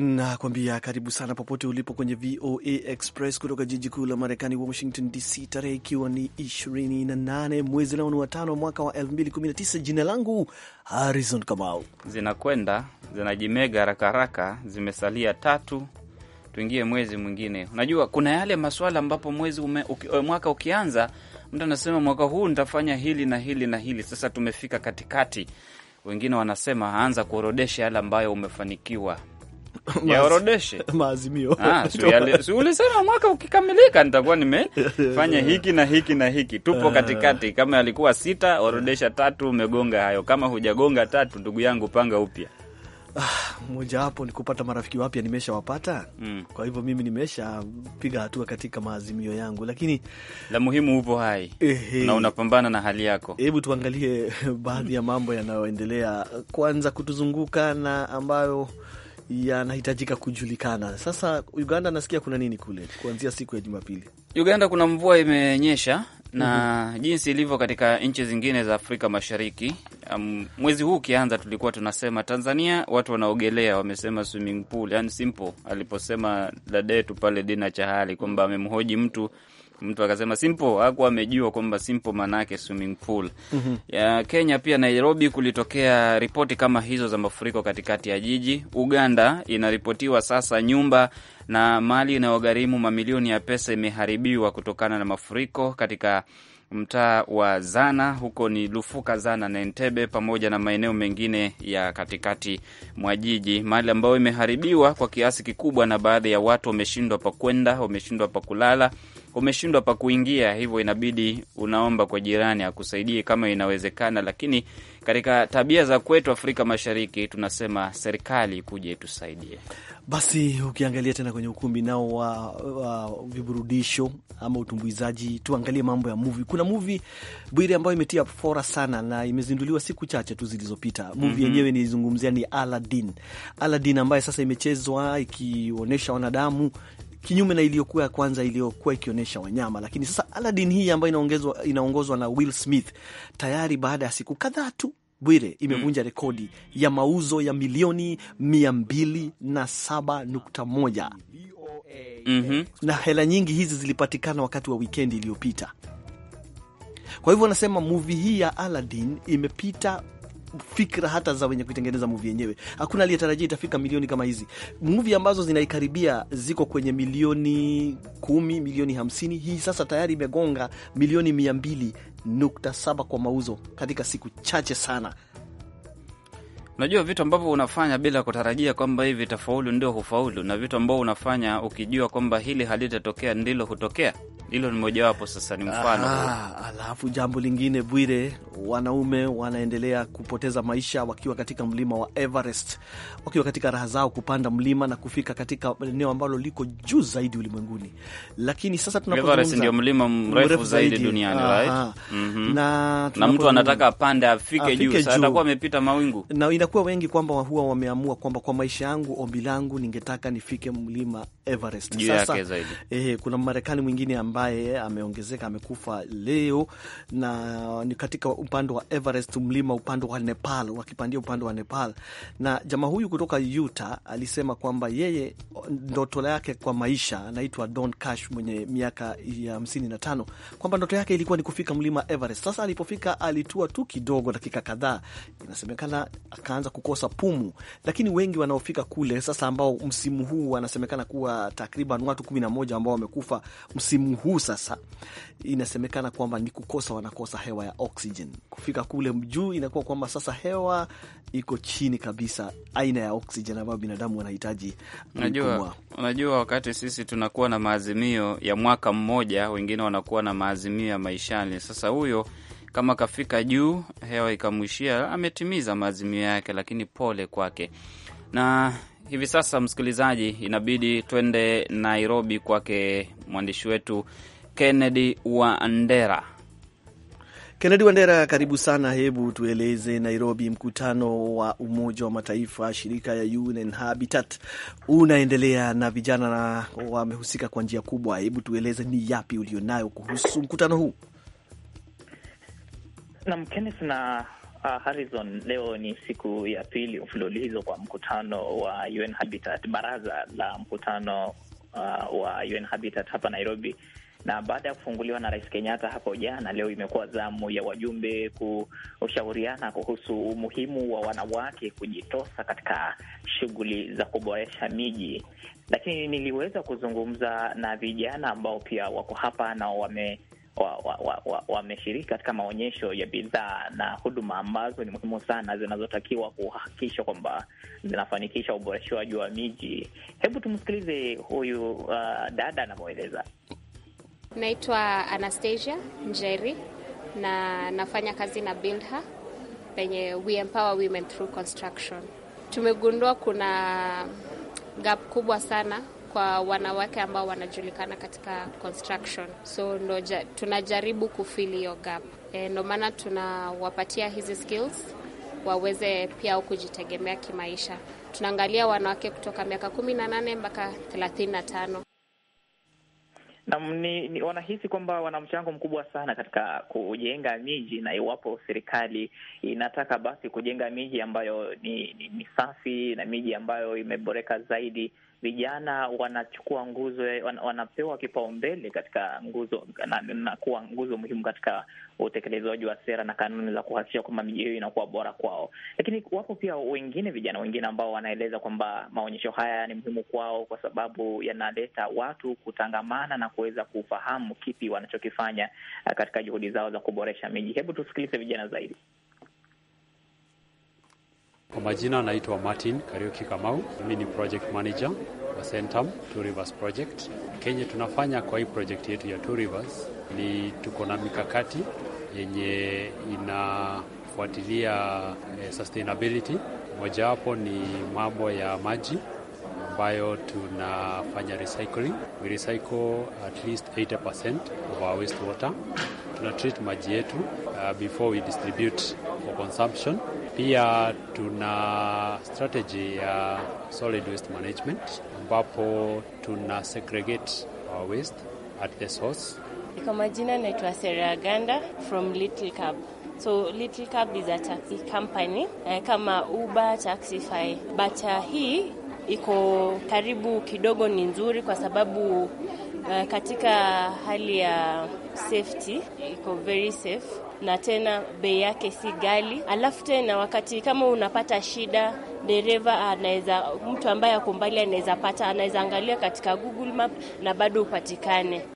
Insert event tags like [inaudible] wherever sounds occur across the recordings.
nakuambia karibu sana popote ulipo kwenye VOA Express kutoka jiji kuu la Marekani, Washington DC, tarehe ikiwa ni 28 mwezi nao ni watano mwaka wa 2019. Jina langu Harrison Kamau. Zinakwenda zinajimega rakaraka zimesalia tatu tuingie mwezi mwingine. Unajua kuna yale maswala ambapo mwezi ume, uki, eh, mwaka ukianza mtu anasema mwaka huu nitafanya hili na hili na hili. Sasa tumefika katikati, wengine wanasema anza kuorodesha yale ambayo umefanikiwa yaorodeshe [laughs] maazimio. Ah, si ulisema mwaka ukikamilika nitakuwa nimefanya [laughs] hiki na hiki na hiki. Tupo ah. katikati, kama yalikuwa sita, orodesha tatu, umegonga hayo. Kama hujagonga tatu, ndugu yangu, panga upya. Mmoja ah, wapo ni kupata marafiki wapya, nimeshawapata mm. Kwa hivyo mimi nimeshapiga hatua katika maazimio yangu, lakini la muhimu upo hai eh, na unapambana na hali yako. Hebu tuangalie [laughs] baadhi ya mambo yanayoendelea kwanza kutuzunguka na ambayo yanahitajika kujulikana. Sasa Uganda nasikia kuna nini kule kuanzia siku ya Jumapili? Uganda kuna mvua imenyesha na mm -hmm. Jinsi ilivyo katika nchi zingine za Afrika Mashariki, um, mwezi huu ukianza, tulikuwa tunasema Tanzania watu wanaogelea wamesema swimming pool, yani simple aliposema dada yetu pale Dina Chahali kwamba amemhoji mtu mtu akasema Simple, aku amejua kwamba Simple maana swimming pool. mm -hmm. ya Kenya pia Nairobi kulitokea ripoti kama hizo za mafuriko katikati ya jiji. Uganda inaripotiwa sasa nyumba na mali inayogharimu mamilioni ya pesa imeharibiwa kutokana na mafuriko katika mtaa wa Zana huko ni Lufuka, Zana na Entebe, pamoja na maeneo mengine ya katikati mwa jiji, mali ambayo imeharibiwa kwa kiasi kikubwa, na baadhi ya watu wameshindwa pa kwenda, wameshindwa pa kulala umeshindwa pa kuingia, hivyo inabidi unaomba kwa jirani akusaidie kama inawezekana. Lakini katika tabia za kwetu Afrika Mashariki tunasema serikali kuja itusaidie. Basi ukiangalia tena kwenye ukumbi nao wa, wa viburudisho ama utumbuizaji, tuangalie mambo ya muvi. Kuna muvi bwiri ambayo imetia fora sana na imezinduliwa siku chache tu zilizopita. Muvi mhm. yenyewe mm -hmm. nizungumzia ni Aladdin. Aladdin ambaye sasa imechezwa ikionyesha wanadamu kinyume na iliyokuwa ya kwanza iliyokuwa ikionyesha wanyama. Lakini sasa Aladdin hii ambayo inaongozwa na Will Smith tayari baada ya siku kadhaa tu Bwire imevunja mm, rekodi ya mauzo ya milioni mia mbili na saba nukta moja mm -hmm. Na hela nyingi hizi zilipatikana wakati wa wikendi iliyopita. Kwa hivyo wanasema muvi hii ya Aladdin imepita fikra hata za wenye kuitengeneza muvi yenyewe. Hakuna aliyetarajia itafika milioni kama hizi. Muvi ambazo zinaikaribia ziko kwenye milioni kumi, milioni hamsini. Hii sasa tayari imegonga milioni mia mbili nukta saba kwa mauzo katika siku chache sana. Unajua vitu ambavyo unafanya bila kutarajia kwamba hivi tafaulu ndio hufaulu, na vitu ambavyo unafanya ukijua kwamba hili halitatokea ndilo hutokea. Hilo ni mojawapo, sasa ni mfano. Ah, Alafu jambo lingine, Bwire, wanaume wanaendelea kupoteza maisha wakiwa katika mlima wa Everest, wakiwa katika raha zao kupanda mlima na kufika katika eneo ambalo liko juu zaidi ulimwenguni. Lakini sasa tunapozungumza, ndio mlima mrefu zaidi duniani, right? mm -hmm. na, na mtu anataka apande afike juu, sasa atakuwa amepita mawingu na inakuwa wengi kwamba huwa wameamua kwamba kwa maisha yangu, ombi langu ningetaka nifike mlima Everest. Sasa eh, kuna Marekani mwingine ambaye ameongezeka, amekufa leo, na ni katika upande wa Everest, mlima upande wa Nepal, wakipandia upande wa Nepal. Na jamaa huyu kutoka Utah alisema kwamba yeye ndoto yake kwa maisha, anaitwa Don Cash mwenye miaka ya hamsini na tano, kwamba ndoto yake ilikuwa ni kufika mlima Everest. Sasa alipofika alitua tu kidogo, dakika kadhaa, inasemekana aka wanaanza kukosa pumu, lakini wengi wanaofika kule sasa, ambao msimu huu wanasemekana kuwa takriban watu kumi na moja ambao wamekufa msimu huu, sasa inasemekana kwamba ni kukosa, wanakosa hewa ya oksijen. Kufika kule juu inakuwa kwamba sasa hewa iko chini kabisa, aina ya oksijen ambayo binadamu wanahitaji. Unajua, unajua wakati sisi tunakuwa na maazimio ya mwaka mmoja, wengine wanakuwa na maazimio ya maishani. Sasa huyo kama kafika juu, hewa ikamwishia. Ametimiza maazimio yake, lakini pole kwake. Na hivi sasa, msikilizaji, inabidi twende Nairobi kwake mwandishi wetu Kennedy Wandera. Kennedy Wandera, karibu sana. Hebu tueleze Nairobi, mkutano wa Umoja wa Mataifa, shirika ya UN Habitat unaendelea na vijana wamehusika kwa njia kubwa. Hebu tueleze ni yapi ulionayo kuhusu mkutano huu? Nam Kenneth na uh, Harrison, leo ni siku ya pili mfululizo kwa mkutano wa UN Habitat, baraza la mkutano uh, wa UN Habitat hapa Nairobi, na baada ya kufunguliwa na Rais Kenyatta hapo jana, leo imekuwa zamu ya wajumbe kushauriana kuhusu umuhimu wa wanawake kujitosa katika shughuli za kuboresha miji. Lakini niliweza kuzungumza na vijana ambao pia wako hapa na wame wameshiriki wa, wa, wa katika maonyesho ya bidhaa na huduma ambazo ni muhimu sana zinazotakiwa kuhakikisha kwamba zinafanikisha uboreshiwaji wa miji. Hebu tumsikilize huyu uh, dada anavyoeleza. Naitwa Anastasia Njeri na nafanya kazi na Buildher penye we empower women through construction. Tumegundua kuna gap kubwa sana kwa wanawake ambao wanajulikana katika construction. So ndo ja, tunajaribu kufili hiyo gap e, ndo maana tunawapatia hizi skills waweze pia kujitegemea kimaisha. Tunaangalia wanawake kutoka miaka kumi na nane mpaka thelathini na tano. Na ni, ni wanahisi kwamba wana mchango mkubwa sana katika kujenga miji, na iwapo serikali inataka basi kujenga miji ambayo ni, ni, ni safi na miji ambayo imeboreka zaidi, vijana wanachukua nguzo, wanapewa kipaumbele katika nguzo na, na kuwa nguzo muhimu katika utekelezaji wa sera na kanuni za kuhakikisha kwamba miji hiyo inakuwa bora kwao. Lakini wapo pia wengine vijana wengine ambao wanaeleza kwamba maonyesho haya ni muhimu kwao kwa sababu yanaleta watu kutangamana na kuweza kufahamu kipi wanachokifanya eh, katika juhudi zao za kuboresha miji. Hebu tusikilize vijana zaidi. Kwa majina anaitwa Martin karioki Kamau, mimi ni project manager wa Centam Two Rivers project. Kenye tunafanya kwa hii project yetu ya Two Rivers ni tuko na mikakati yenye inafuatilia eh, sustainability. Mojawapo ni mambo ya maji ambayo tunafanya recycling. We recycle at least 80% of our waste water. Tuna treat maji yetu uh, before we distribute for consumption pia tuna strategy ya solid waste management ambapo tuna segregate our waste at the source. Kwa majina naitwa Ganda from Little Cab. So Little Cab is a taxi company eh, kama Uber, Taxify. But uh, hii iko karibu kidogo, ni nzuri kwa sababu eh, katika hali ya safety iko very safe na tena bei yake si ghali. Alafu tena wakati kama unapata shida, dereva anaweza, mtu ambaye ako mbali anaweza pata, anaweza angalia katika Google Map na bado upatikane.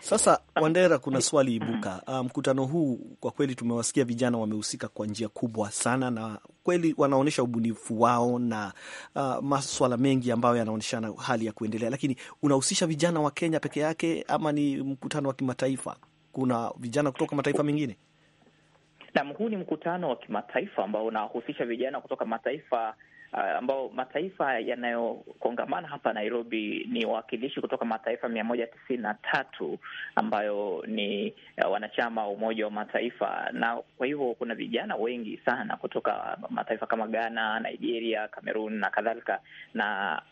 Sasa Wandera, kuna swali ibuka. Ah, mkutano um, huu kwa kweli tumewasikia vijana wamehusika kwa njia kubwa sana, na kweli wanaonyesha ubunifu wao na uh, maswala mengi ambayo yanaonyeshana hali ya kuendelea, lakini unahusisha vijana wa Kenya peke yake ama ni mkutano wa kimataifa? kuna vijana kutoka mataifa mengine? Naam, huu ni mkutano wa kimataifa ambao unawahusisha vijana kutoka mataifa Uh, ambao mataifa yanayokongamana hapa Nairobi ni wawakilishi kutoka mataifa mia moja tisini na tatu ambayo ni uh, wanachama wa Umoja wa Mataifa, na kwa hivyo kuna vijana wengi sana kutoka mataifa kama Ghana, Nigeria, Cameroon na kadhalika, na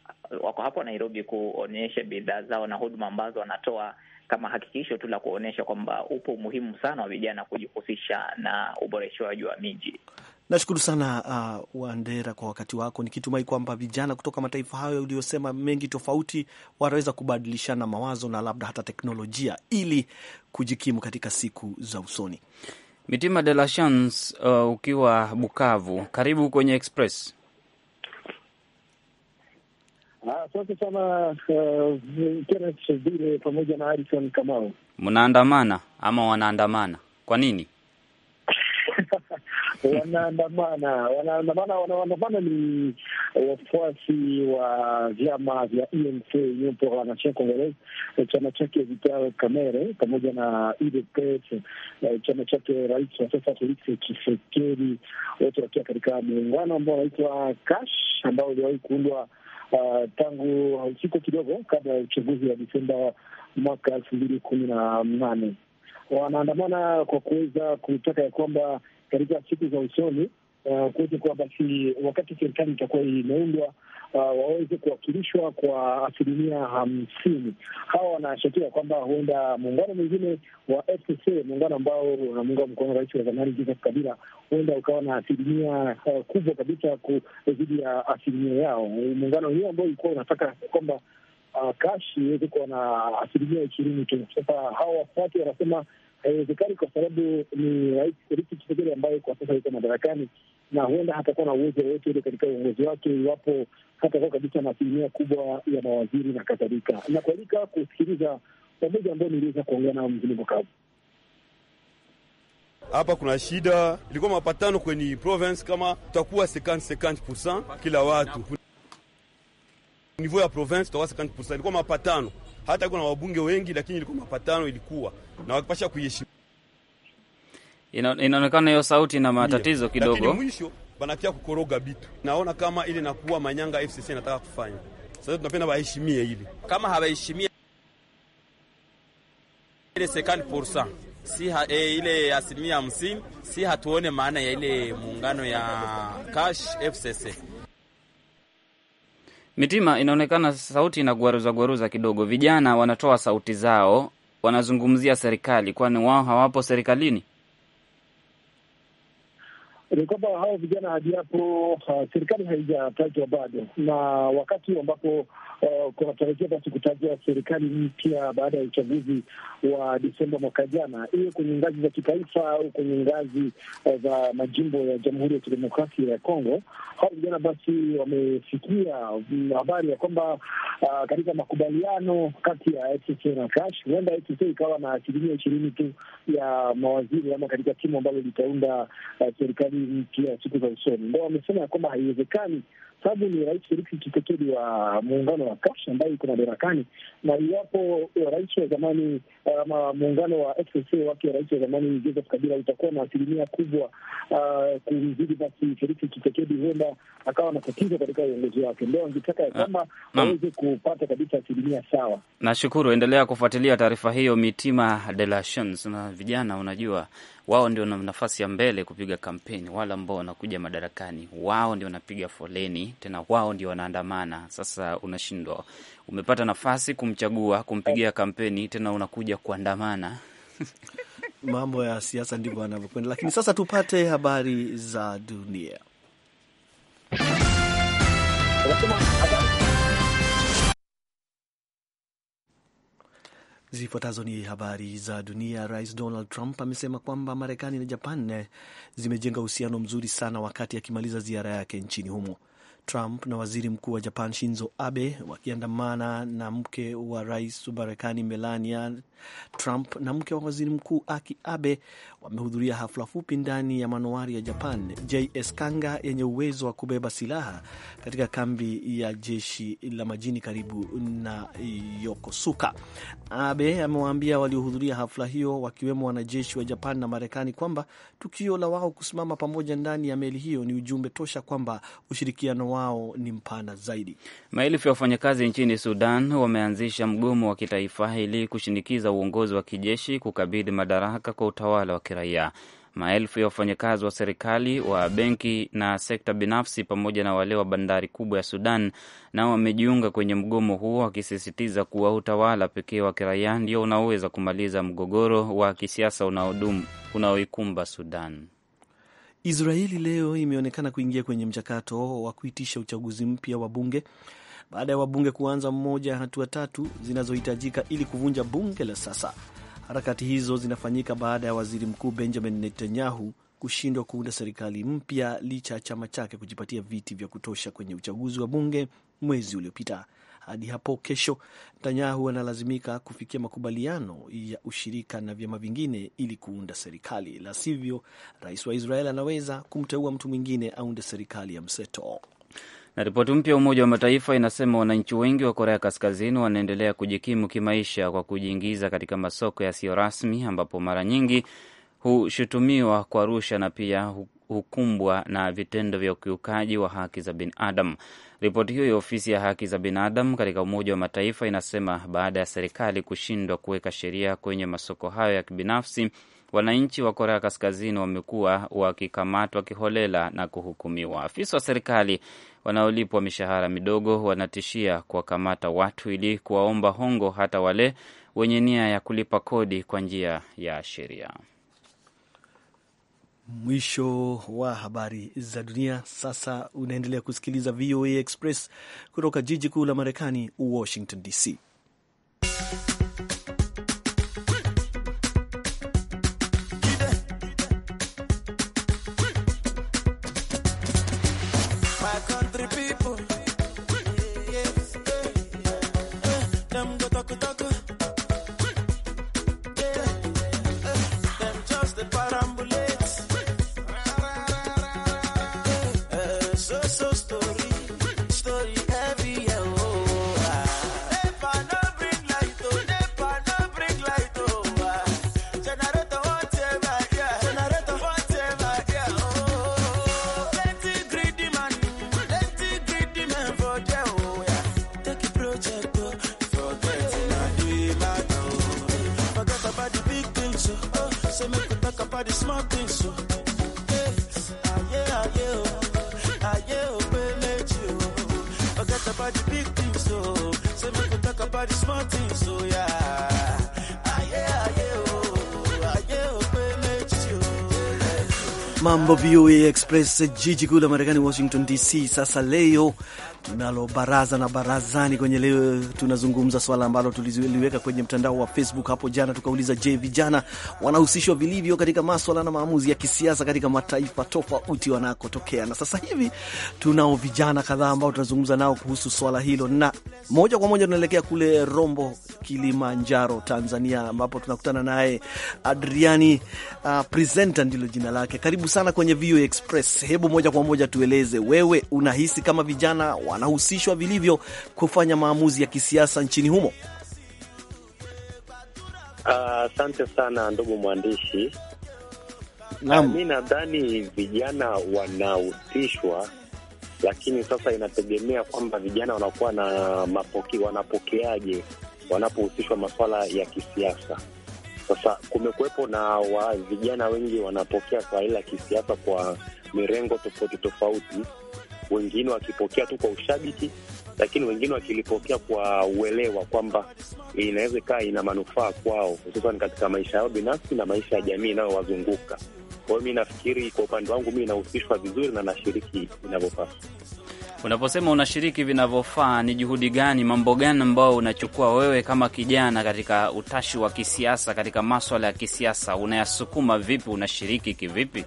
wako hapa Nairobi kuonyesha bidhaa zao na huduma ambazo wanatoa kama hakikisho tu la kuonyesha kwamba upo umuhimu sana wa vijana kujihusisha na uboreshwaji wa miji. Nashukuru sana uh, Wandera kwa wakati wako, nikitumai kwamba vijana kutoka mataifa hayo uliyosema mengi tofauti wanaweza kubadilishana mawazo na labda hata teknolojia ili kujikimu katika siku za usoni. Mitima de la Chance, uh, ukiwa Bukavu, karibu kwenye Express. Ah, asante sana eh, Kenneth Bwire pamoja na Harrison Kamau. Mnaandamana ama wanaandamana kwa nini? [laughs] Wanaandamana, wanaandamana, wanaandamana ni eh, wafuasi wa vyama vya UNC e Union pour la Nation Congolaise, eh, chama chake Vital Kamerhe pamoja na UDPS, chama chake rais wa sasa Felix Tshisekedi, wote wakiwa katika muungano ambao wanaitwa Kash ambao uliwahi kuundwa uh, tangu siku kidogo kabla ya uchaguzi wa Desemba mwaka elfu mbili kumi na nane wanaandamana kwa kuweza kutaka ya kwamba katika siku za usoni uh, kuwa basi, wakati serikali itakuwa imeundwa uh, waweze kuwakilishwa kwa asilimia hamsini. Hawa wanashakia kwamba huenda muungano mwingine wa FCC, muungano ambao unamuunga mkono rais wa zamani Joseph Kabila, huenda ukawa na asilimia uh, kubwa kabisa zidi ya asilimia yao. Muungano wenyewe ambao ulikuwa unataka kwamba uh, kashi iweze kuwa na asilimia ishirini tu. Sasa hawa wafuasi wanasema haiwezekani kwa sababu ni rais Felix Tshisekedi ambaye kwa sasa yuko madarakani na huenda hatakuwa na uwezo wowote ule katika uongozi wake iwapo hatakuwa kabisa na asilimia kubwa ya mawaziri na kadhalika. Na kualika kusikiliza pamoja ambayo niliweza kuongea nao mjini Bukavu. Hapa kuna shida, ilikuwa mapatano kwenye province kama tutakuwa 50 50% kila watu niveau ya province tutakuwa 50%, ilikuwa mapatano hata kuna wabunge wengi, lakini ilikuwa mapatano, ilikuwa na wakipasha kuiheshimu. Inaonekana hiyo sauti na matatizo yeah, kidogo, lakini mwisho banakia kukoroga bitu. Naona kama ile nakuwa manyanga FCC inataka kufanya sasa, tunapenda waheshimie ili kama hawaheshimie ile 50% si ha, e, ile asilimia hamsini si hatuone maana ya ile muungano ya cash FCC Mitima, inaonekana sauti inagwaruza gwaruza kidogo. Vijana wanatoa sauti zao, wanazungumzia serikali, kwani wao hawapo serikalini. Ni kwamba hao vijana hadi hapo uh, ah, serikali haijatajwa bado, na wakati ambapo Eh, kuwapelekea basi kutajia serikali mpya baada ya uchaguzi wa Desemba mwaka jana, hiyo kwenye ngazi za kitaifa au kwenye ngazi eh, za majimbo ya Jamhuri ya Kidemokrasia ya Kongo. Hao vijana basi wamefikia habari ya kwamba ah, katika makubaliano kati ya FCC na Kash, huenda FCC ikawa na asilimia ishirini tu ya mawaziri ama katika timu ambalo litaunda eh, serikali mpya siku za usoni. Ndo wamesema ya kwamba haiwezekani sababu ni Rais Felix Chisekedi wa muungano wa kash ambayo iko madarakani, na iwapo rais wa zamani ama muungano wa FCC wake rais wa zamani Joseph Kabila utakuwa na asilimia kubwa uh, kumzidi, basi Felix Chisekedi huenda akawa na tatizo katika uongozi wake. Ndio angetaka ya ah, kwamba aweze kupata kabisa asilimia sawa. Nashukuru, endelea kufuatilia taarifa hiyo. Mitima de na vijana, unajua wao ndio na nafasi ya mbele kupiga kampeni, wale ambao wanakuja madarakani, wao ndio wanapiga foleni, tena wao ndio wanaandamana. Sasa unashindwa, umepata nafasi kumchagua, kumpigia kampeni, tena unakuja kuandamana. [laughs] Mambo ya siasa ndivyo yanavyokwenda, lakini sasa tupate habari za dunia. Zifuatazo ni habari za dunia. Rais Donald Trump amesema kwamba Marekani na Japan zimejenga uhusiano mzuri sana wakati akimaliza ziara yake nchini humo. Trump na waziri mkuu wa Japan Shinzo Abe wakiandamana na mke wa rais wa Marekani Melania Trump na mke wa waziri mkuu Aki Abe wamehudhuria hafla fupi ndani ya manowari ya Japan JS Kanga yenye uwezo wa kubeba silaha katika kambi ya jeshi la majini karibu na Yokosuka. Abe amewaambia waliohudhuria hafla hiyo wakiwemo wanajeshi wa Japan na Marekani kwamba tukio la wao kusimama pamoja ndani ya meli hiyo ni ujumbe tosha kwamba ushirikiano wao ni mpana zaidi. Maelfu ya wafanyakazi nchini Sudan wameanzisha mgomo wa kitaifa ili kushinikiza uongozi wa kijeshi kukabidhi madaraka kwa utawala wa kiraia. Maelfu ya wafanyakazi wa serikali wa benki na sekta binafsi pamoja na wale wa bandari kubwa ya Sudan nao wamejiunga kwenye mgomo huo, wakisisitiza kuwa utawala pekee wa kiraia ndio unaoweza kumaliza mgogoro wa kisiasa unaodumu unaoikumba Sudan. Israeli leo imeonekana kuingia kwenye mchakato wa kuitisha uchaguzi mpya wa bunge baada ya wabunge kuanza mmoja ya hatua tatu zinazohitajika ili kuvunja bunge la sasa. Harakati hizo zinafanyika baada ya waziri mkuu Benjamin Netanyahu kushindwa kuunda serikali mpya licha ya chama chake kujipatia viti vya kutosha kwenye uchaguzi wa bunge mwezi uliopita. Hadi hapo kesho, Netanyahu analazimika kufikia makubaliano ya ushirika na vyama vingine ili kuunda serikali, la sivyo rais wa Israel anaweza kumteua mtu mwingine aunde serikali ya mseto. Na ripoti mpya ya Umoja wa Mataifa inasema wananchi wengi wa Korea Kaskazini wanaendelea kujikimu kimaisha kwa kujiingiza katika masoko yasiyo rasmi, ambapo mara nyingi hushutumiwa kwa rusha na pia hukumbwa na vitendo vya ukiukaji wa haki za binadamu. Ripoti hiyo ya ofisi ya haki za binadamu katika Umoja wa Mataifa inasema baada ya serikali kushindwa kuweka sheria kwenye masoko hayo ya kibinafsi, wananchi wa Korea Kaskazini wamekuwa wakikamatwa kiholela na kuhukumiwa. Afisa wa serikali wanaolipwa mishahara midogo wanatishia kuwakamata watu ili kuwaomba hongo, hata wale wenye nia ya kulipa kodi kwa njia ya sheria. Mwisho wa habari za dunia. Sasa unaendelea kusikiliza VOA Express kutoka jiji kuu la Marekani, Washington DC. the small things, so. about the big things, so. Say, we can talk about the small things, so, yeah. yeah, oh. oh, Mambo VOA Express, jiji kuu la Marekani, Washington DC. Sasa leo tunalo baraza na barazani kwenye leo, tunazungumza swala ambalo tuliliweka kwenye mtandao wa Facebook hapo jana. Tukauliza, je, vijana wanahusishwa vilivyo katika maswala na maamuzi ya kisiasa katika mataifa tofauti wanakotokea? Na sasa hivi tunao vijana kadhaa ambao tunazungumza nao kuhusu swala hilo, na moja kwa moja tunaelekea kule Rombo, Kilimanjaro, Tanzania, ambapo tunakutana naye Adriani uh, presenter ndilo jina lake. Karibu sana kwenye VOA Express. Hebu moja kwa moja tueleze, wewe unahisi kama vijana wana wanahusishwa vilivyo kufanya maamuzi ya kisiasa nchini humo? Asante uh, sana ndugu mwandishi. Naam, ah, mi nadhani vijana wanahusishwa, lakini sasa inategemea kwamba vijana wanakuwa na mapoke, wanapokeaje wanapohusishwa masuala ya kisiasa. Sasa kumekuwepo na wa vijana wengi wanapokea swala la kisiasa kwa mirengo tofauti tofauti, wengine wakipokea tu kwa ushabiki, lakini wengine wakilipokea kwa uelewa kwamba inaweza ikawa ina manufaa kwao, hususan katika maisha yao binafsi na maisha ya jamii inayowazunguka. Kwa hiyo mi nafikiri kwa upande wangu mi inahusishwa vizuri na nashiriki inavyofaa. Unaposema unashiriki vinavyofaa, ni juhudi gani, mambo gani ambayo unachukua wewe kama kijana katika utashi wa kisiasa, katika maswala ya kisiasa unayasukuma vipi? Unashiriki kivipi?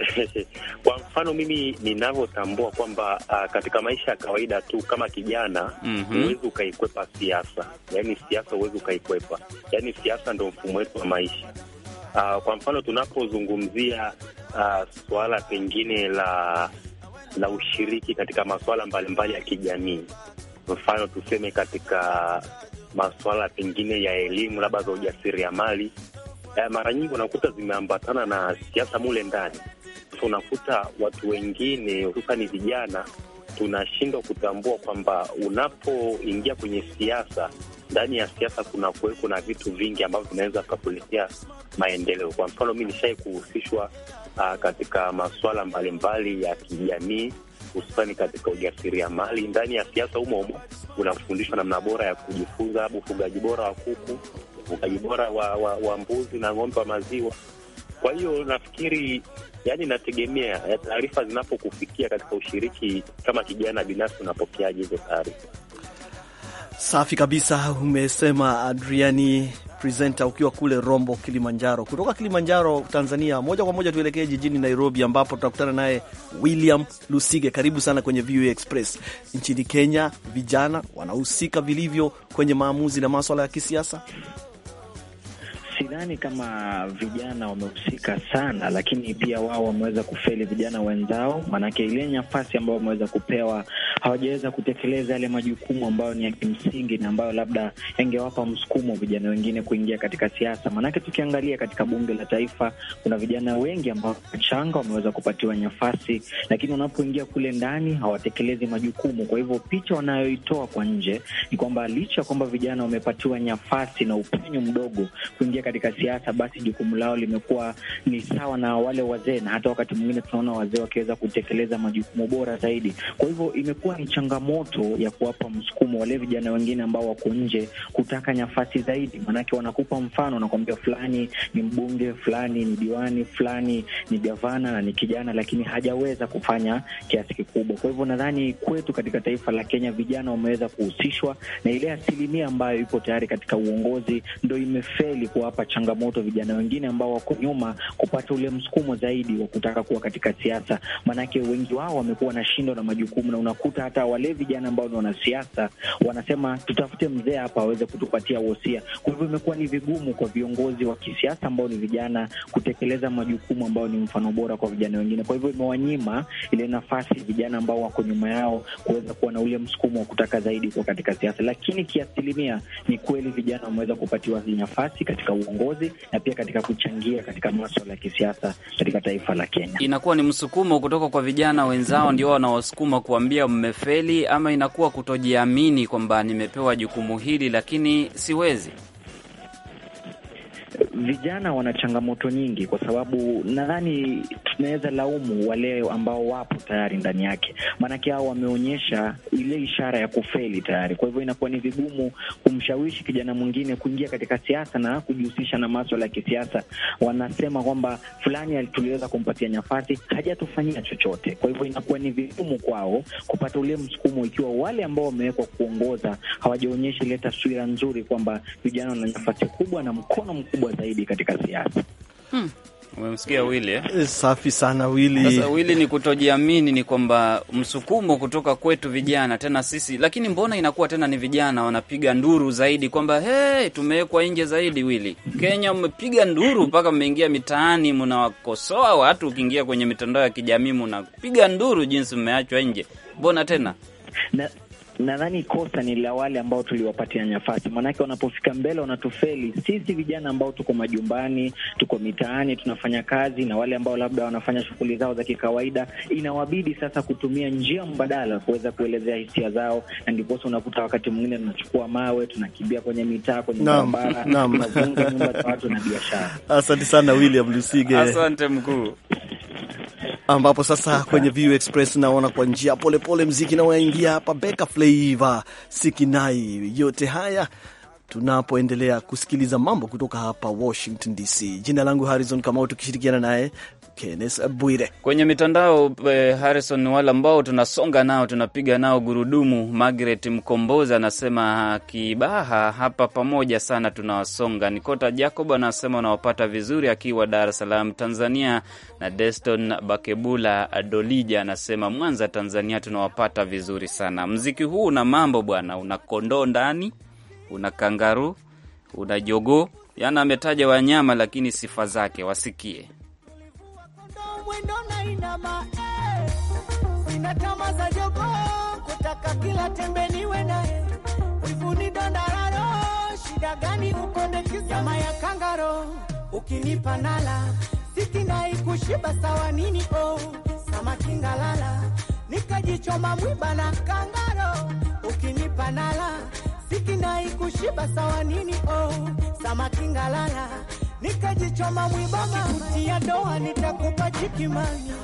[laughs] kwa mfano mimi ninavyotambua kwamba uh, katika maisha ya kawaida tu kama kijana mm huwezi -hmm. ukaikwepa siasa, yaani siasa huwezi ukaikwepa, yaani siasa ndo mfumo wetu wa maisha. Uh, kwa mfano tunapozungumzia uh, suala pengine la la ushiriki katika masuala mbalimbali ya kijamii, mfano tuseme katika masuala pengine ya elimu, labda za ujasiriamali, uh, mara nyingi unakuta zimeambatana na siasa mule ndani sasa unakuta watu wengine hususani vijana tunashindwa kutambua kwamba unapoingia kwenye siasa, ndani ya siasa kuna kuweko na vitu vingi ambavyo vinaweza vikakuletea maendeleo. Kwa mfano, mi nishai kuhusishwa uh, katika masuala mbalimbali ya kijamii, hususani katika ujasiriamali. Ndani ya siasa humo humo unafundishwa namna bora ya kujifunza, labda ufugaji bora wa kuku, ufugaji bora wa, wa, wa mbuzi na ng'ombe wa maziwa. Kwa hiyo nafikiri yani inategemea ya taarifa zinapokufikia katika ushiriki kama kijana binafsi, unapokeaje hizo taarifa? Safi kabisa, umesema Adriani presenter ukiwa kule Rombo, Kilimanjaro. Kutoka Kilimanjaro, Tanzania, moja kwa moja tuelekee jijini Nairobi, ambapo tunakutana naye William Lusige. Karibu sana kwenye VOA Express. Nchini Kenya, vijana wanahusika vilivyo kwenye maamuzi na maswala ya kisiasa? sidhani kama vijana wamehusika sana, lakini pia wao wameweza kufeli vijana wenzao, maanake ile nafasi ambayo wameweza kupewa hawajaweza kutekeleza yale majukumu ambayo ni ya kimsingi na ambayo labda yangewapa msukumo vijana wengine kuingia katika siasa. Maanake tukiangalia katika bunge la taifa, kuna vijana wengi ambao wachanga wameweza kupatiwa nafasi, lakini wanapoingia kule ndani hawatekelezi majukumu. Kwa hivyo picha wanayoitoa kwa nje ni kwamba licha ya kwamba vijana wamepatiwa nafasi na upenyo mdogo kuingia katika siasa, basi jukumu lao limekuwa ni sawa na wale wazee, na hata wakati mwingine tunaona wazee wakiweza kutekeleza majukumu bora zaidi. Kwa hivyo imekuwa ni changamoto ya kuwapa msukumo wale vijana wengine ambao wako nje kutaka nafasi zaidi, maanake wanakupa mfano, wanakuambia fulani ni mbunge, fulani ni diwani, fulani ni gavana na ni kijana, lakini hajaweza kufanya kiasi kikubwa. Kwa hivyo nadhani kwetu katika taifa la Kenya vijana wameweza kuhusishwa na ile asilimia ambayo ipo tayari katika uongozi ndo imefeli kuwapa kuwapa changamoto vijana wengine ambao wako nyuma kupata ule msukumo zaidi wa kutaka kuwa katika siasa, maanake wengi wao wamekuwa shindo na majukumu, na unakuta hata wale vijana ambao ni wanasiasa wanasema tutafute mzee hapa aweze kutupatia wosia. Kwa hivyo imekuwa ni vigumu kwa viongozi wa kisiasa ambao ni vijana kutekeleza majukumu ambayo ni mfano bora kwa vijana wengine. Kwa hivyo imewanyima ile nafasi vijana ambao wako nyuma yao kuweza kuwa na ule msukumo wa kutaka zaidi kuwa katika siasa, lakini kiasilimia ni kweli vijana wameweza kupatiwa nafasi katika uongozi na pia katika kuchangia katika maswala ya kisiasa katika taifa la Kenya. Inakuwa ni msukumo kutoka kwa vijana wenzao, ndio wanawasukuma kuambia mmefeli, ama inakuwa kutojiamini kwamba nimepewa jukumu hili lakini siwezi vijana wana changamoto nyingi, kwa sababu nadhani tunaweza laumu wale ambao wapo tayari ndani yake, maanake hao wameonyesha ile ishara ya kufeli tayari. Kwa hivyo inakuwa ni vigumu kumshawishi kijana mwingine kuingia katika siasa na kujihusisha na maswala ya kisiasa. Wanasema kwamba fulani tuliweza kumpatia nafasi, hajatufanyia chochote. Kwa hivyo inakuwa ni vigumu kwao kupata ule msukumo, ikiwa wale ambao wamewekwa kuongoza hawajaonyesha ile taswira nzuri kwamba vijana wana nafasi kubwa na mkono mkubwa kubwa zaidi katika siasa. hmm. Umemsikia Wili eh? eh? Safi sana Wili. Sasa Wili, ni kutojiamini ni kwamba msukumo kutoka kwetu vijana tena sisi, lakini mbona inakuwa tena ni vijana wanapiga nduru zaidi kwamba hey, tumewekwa nje zaidi. Wili, Kenya mmepiga nduru mpaka mmeingia mitaani, mnawakosoa watu, ukiingia kwenye mitandao ya kijamii mnapiga nduru jinsi mmeachwa nje, mbona tena na nadhani kosa ni la wale ambao tuliwapatia nafasi, maanake wanapofika mbele wanatufeli sisi vijana ambao tuko majumbani, tuko mitaani, tunafanya kazi, na wale ambao labda wanafanya shughuli zao za kikawaida, inawabidi sasa kutumia njia mbadala kuweza kuelezea hisia zao, na ndiposa unakuta wakati mwingine tunachukua mawe, tunakimbia kwenye mitaa, kwenye barabara, tunazunga nyumba za watu na biashara. Asante sana William Lusige, asante mkuu ambapo sasa kwenye View Express naona kwa njia polepole mziki naoingia hapa, Beka Flavor Sikinai, yote haya tunapoendelea kusikiliza mambo kutoka hapa Washington DC. Jina langu Harrison Kamau, tukishirikiana naye Kennes Bwire. Kwenye mitandao eh, Harrison, wale ambao tunasonga nao tunapiga nao gurudumu. Margaret Mkombozi anasema Kibaha hapa pamoja sana, tunawasonga. Nikota Jacob anasema unawapata vizuri akiwa Dar es Salaam Tanzania, na Deston Bakebula Dolija anasema Mwanza Tanzania, tunawapata vizuri sana. Mziki huu una mambo bwana, una kondoo ndani, una kangaru, una jogoo, yaani ametaja wanyama, lakini sifa zake wasikie kuinama eh. Sina kama za jogo kutaka kila tembe niwe naye eh. Wivuni dondararo shida gani ukondekiza nyama ya kangaro ukinipa nala sikinai kushiba sawa nini oh samaki ngalala nikajichoma mwiba na kangaro ukinipa nala sikinai kushiba sawa nini oh samaki ngalala nikajichoma mwiba mama ya doa nitakupa chikimanya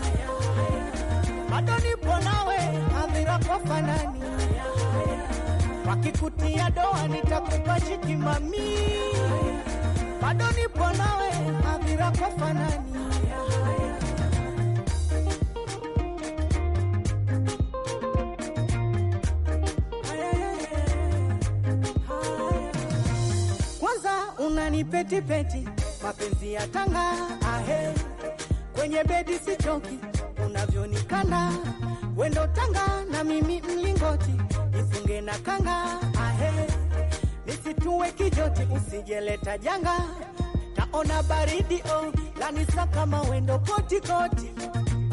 bado nipo nawe, amira kwa fanani, wakikutia doa nitakupa chikimami, bado nipo nawe, amira kwa fanani Unanipetipeti mapenzi ya tanga ahe, kwenye bedi sichoki Tanga, wendo Tanga na mimi mlingoti, nifunge na kanga, ahe nisitue kijoti, usijeleta janga, taona baridi o oh, lanisa kama wendo koti koti,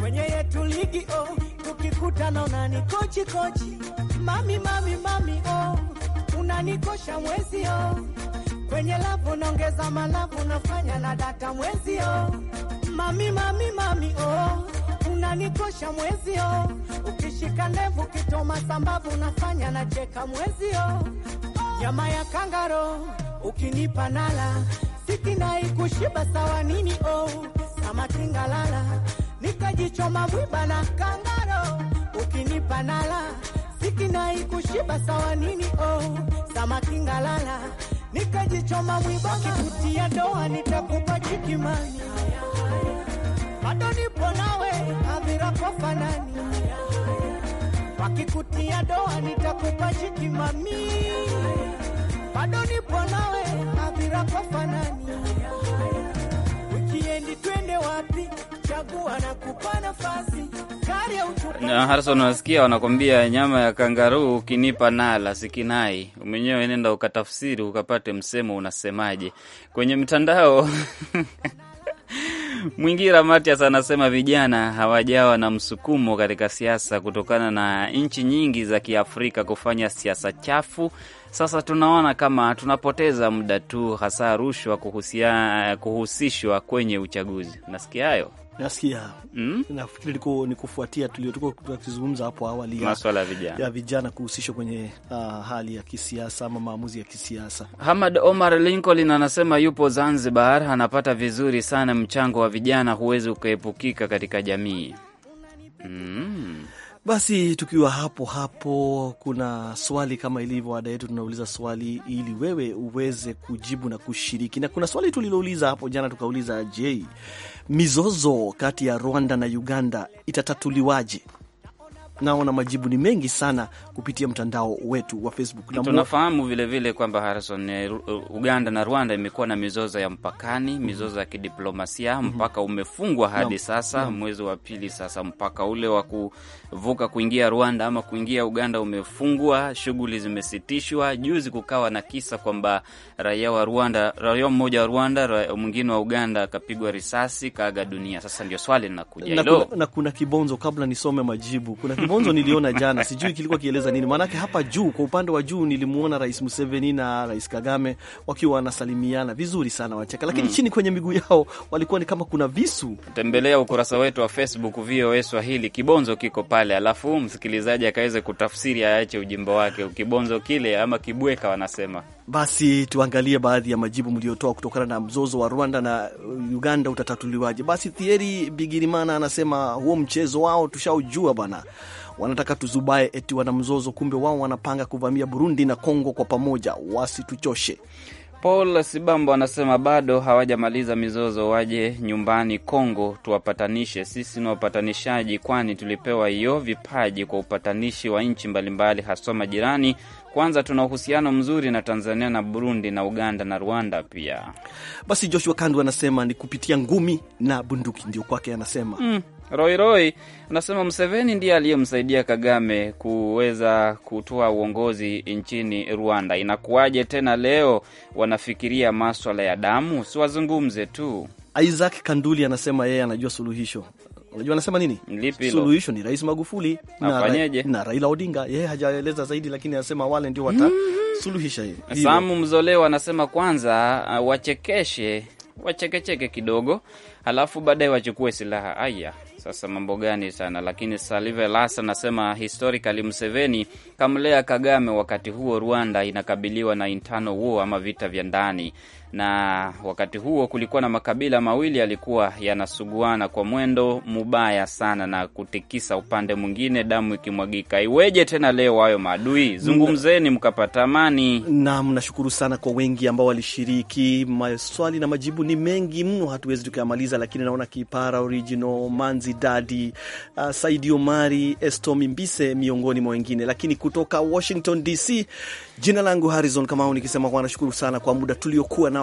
kwenye yetu ligi o oh, tukikutana unani kochi kochi, mami mami mami o oh, unanikosha mwezi o oh. Kwenye lavu naongeza malavu nafanya na data mwezio, oh. mami mami mami oh unanikosha mwezio, ukishika ndevu kitoma sambavu nafanya nacheka mwezio, nyama ya kangaro ukinipa nala sikinai kushiba sawa nini o oh, samaki ngalala nikajichoma mwiba na kangaro ukinipa nala sikinai kushiba sawa nini o oh, samaki ngalala nikajichoma mwiba kikutia doa nitakupa chikimani nikikutia doa nitakupa chiki mami, bado nipo nawe hadhira kwa fanani, ukiendi twende wapi? Chagua na kupa nafasi na Harrison, unasikia wanakwambia nyama ya kangaruu ukinipa nala sikinai. Mwenyewe nenda ukatafsiri ukapate msemo unasemaje kwenye mtandao [laughs] Mwingira Matias anasema vijana hawajawa na msukumo katika siasa kutokana na nchi nyingi za Kiafrika kufanya siasa chafu. Sasa tunaona kama tunapoteza muda tu, hasa rushwa kuhusishwa kwenye uchaguzi. Nasikia hayo Nasikia mm? Nafikiri ni kufuatia tukizungumza hapo awali ya ya vijana, ya vijana kuhusishwa kwenye uh, hali ya kisiasa ama maamuzi ya kisiasa. Hamad Omar Lincoln anasema yupo Zanzibar, anapata vizuri sana mchango wa vijana, huwezi ukaepukika katika jamii mm. Basi tukiwa hapo hapo, kuna swali kama ilivyo ada yetu, tunauliza swali ili wewe uweze kujibu na kushiriki, na kuna swali tulilouliza hapo jana, tukauliza je, mizozo kati ya Rwanda na Uganda itatatuliwaje? Naona majibu ni mengi sana kupitia mtandao wetu wa Facebook. Tunafahamu vilevile kwamba Harrison, eh, eh, Uganda na Rwanda imekuwa na mizozo ya mpakani, mhm. mizozo ya kidiplomasia, mhm. mpaka umefungwa hadi sasa mwezi wa pili. Sasa mpaka ule wa kuvuka kuingia Rwanda ama kuingia Uganda umefungwa, shughuli zimesitishwa. Juzi kukawa na kisa kwamba raia wa Rwanda, raia mmoja wa Rwanda, mwingine wa Uganda akapigwa risasi kaaga dunia. Sasa ndio swali linakuja na, na kuna kibonzo. Kabla nisome majibu, kuna kibonzo niliona jana, sijui kilikuwa kielezo kueleza nini? Maanake hapa juu kwa upande wa juu nilimwona Rais Museveni na Rais Kagame wakiwa wanasalimiana vizuri sana, wacheka, lakini mm, chini kwenye miguu yao walikuwa ni kama kuna visu. Tembelea ukurasa wetu wa Facebook VOA Swahili, kibonzo kiko pale, alafu msikilizaji akaweze kutafsiri, aache ujimbo wake kibonzo kile ama kibweka wanasema. Basi tuangalie baadhi ya majibu mliotoa kutokana na mzozo wa Rwanda na Uganda utatatuliwaje. Basi Thieri Bigirimana anasema huo mchezo wao tushaujua bwana wanataka tuzubae, eti wana mzozo, kumbe wao wanapanga kuvamia Burundi na Kongo kwa pamoja, wasituchoshe. Paul Sibambo anasema bado hawajamaliza mizozo, waje nyumbani Kongo tuwapatanishe. Sisi ni wapatanishaji, kwani tulipewa hiyo vipaji kwa upatanishi wa nchi mbalimbali, haswa majirani. Kwanza tuna uhusiano mzuri na Tanzania na Burundi na Uganda na Rwanda pia. Basi Joshua Kandu anasema ni kupitia ngumi na bunduki, ndio kwake anasema mm. Roy Roy anasema Museveni ndiye aliyemsaidia Kagame kuweza kutoa uongozi nchini Rwanda. Inakuwaje tena leo wanafikiria maswala ya damu, siwazungumze tu. Isaac Kanduli anasema yeye anajua suluhisho. Unajua anasema nini? Lipi suluhisho? Ni Rais Magufuli na, ra na Raila Odinga. Yeye hajaeleza zaidi, lakini anasema wale ndio watasuluhisha mm-hmm. hili. Samu Mzoleo anasema kwanza, wachekeshe wachekecheke kidogo, alafu baadaye wachukue silaha. Aya. Sasa mambo gani sana lakini, Salive Lasa anasema historically Museveni kamlea Kagame, wakati huo Rwanda inakabiliwa na internal war ama vita vya ndani na wakati huo kulikuwa na makabila mawili yalikuwa yanasuguana kwa mwendo mubaya sana na kutikisa upande mwingine, damu ikimwagika. Iweje tena leo hayo maadui? Zungumzeni mkapata amani. Naam, nashukuru sana kwa wengi ambao walishiriki. Maswali na majibu ni mengi mno, hatuwezi tukayamaliza, lakini naona Kipara Original, Manzi Dadi, uh, Saidi Omari, Estomi Mbise miongoni mwa wengine. Lakini kutoka Washington DC, jina langu Harrison Kamau nikisema kuwa nashukuru sana kwa muda tuliokuwa nao